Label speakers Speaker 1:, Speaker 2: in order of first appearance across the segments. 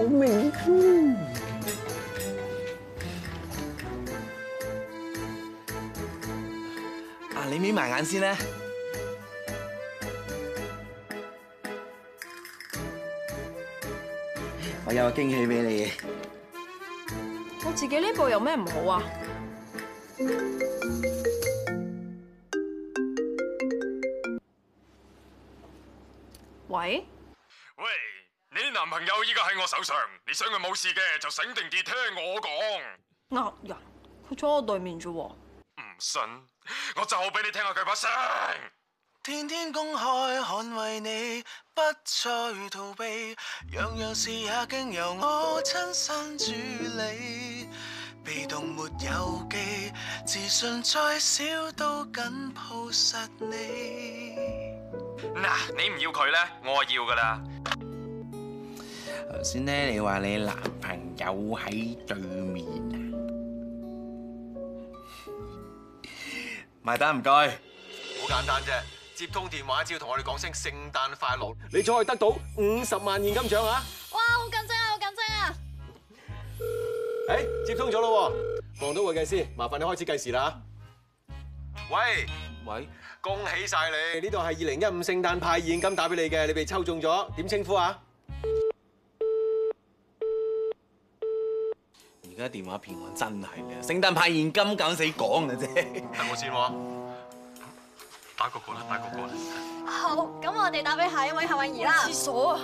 Speaker 1: 我明啊！你咪埋眼先啦，我有個驚喜俾你。我自己呢部有咩唔好啊？喂？男朋友依家喺我手上，你想佢冇事嘅就醒定啲聽我講。呃人、啊，佢坐我對面啫喎。唔信，我就好俾你聽下佢把聲。天天公開捍衛你，不再逃避，樣樣事也經由我親身處理，被動沒有機，自信再少都緊抱實你。嗱，你唔要佢咧，我要噶啦。頭先咧，你話你男朋友喺對面啊？埋單唔該，好簡單啫，接通電話只要同我哋講聲聖誕快樂，你就可以得到五十萬現金獎啊！哇，好緊張啊，好緊張啊！誒，接通咗咯，黃總會計師，麻煩你開始計時啦吓。喂喂，恭喜晒你，呢度係二零一五聖誕派現金打俾你嘅，你被抽中咗，點稱呼啊？而家電話騙案真係嘅，聖誕派現金，搞死講嘅啫。等我先喎，打個個啦，打個個啦。好，咁我哋打俾下一位幸運兒啦。廁所。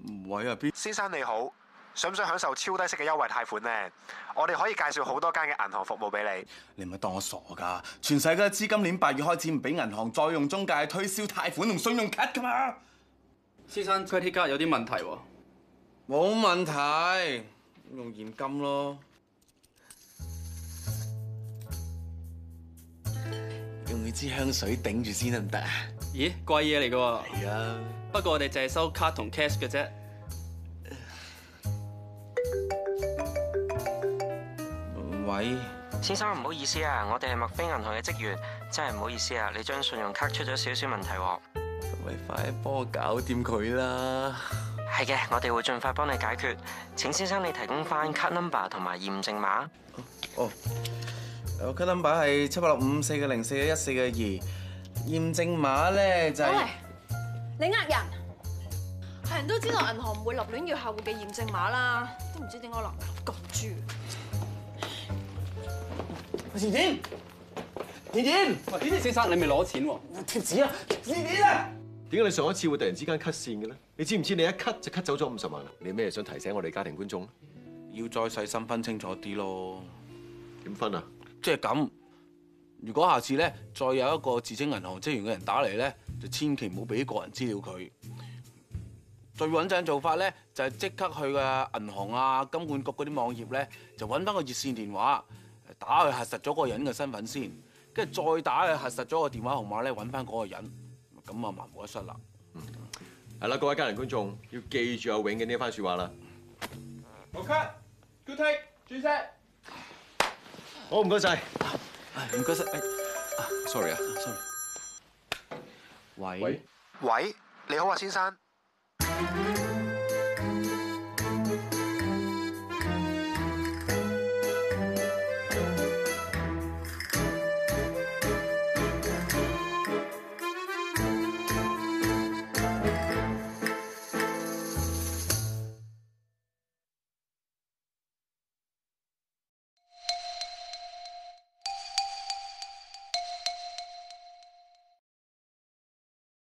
Speaker 1: 唔喂啊，邊？先生你好。想唔想享受超低息嘅優惠貸款咧？我哋可以介紹好多間嘅銀行服務俾你。你唔係當我傻噶？全世界知今年八月開始唔俾銀行再用中介推銷貸款同信用卡噶嘛？先生，credit card 有啲問題喎。冇問題，用現金咯。用一支香水頂住先得唔得啊？咦，貴嘢嚟嘅喎。係啊。不過我哋淨係收 card 同 cash 嘅啫。喂，先生唔好意思啊，我哋係墨飛銀行嘅職員，真係唔好意思啊，你張信用卡出咗少少問題。咁咪快幫我搞掂佢啦。係嘅，我哋會盡快幫你解決，請先生你提供翻卡 number 同埋驗證碼、哦。哦，卡 number 係七百六五四個零四個一四個二，驗證碼咧就係、是。你呃人，係人都知道銀行唔會立亂要客戶嘅驗證碼啦，都唔知點解劉咁豬。錢錢，錢錢，點解先生你未攞錢喎？貼紙啊，錢錢啊！點解你上一次會突然之間 cut 綫嘅咧？你知唔知你一 cut 就 cut 走咗五十萬啊？你咩想提醒我哋家庭觀眾？要再細心分清楚啲咯。點分啊？即係咁，如果下次咧再有一個自稱銀行職員嘅人打嚟咧，就千祈唔好俾個人資料佢。最穩陣做法咧就係即刻去嘅銀行啊、金管局嗰啲網頁咧，就揾翻個熱綫電話。打去核實咗個人嘅身份先，跟住再打去核實咗個電話號碼咧，揾翻嗰個人，咁啊萬無一失啦。係啦，各位家庭觀眾，要記住阿永嘅呢番説話啦。OK，good take，轉，好唔該曬，唔該晒。Sorry 啊，sorry, Sorry。喂喂，喂，你好啊，先生。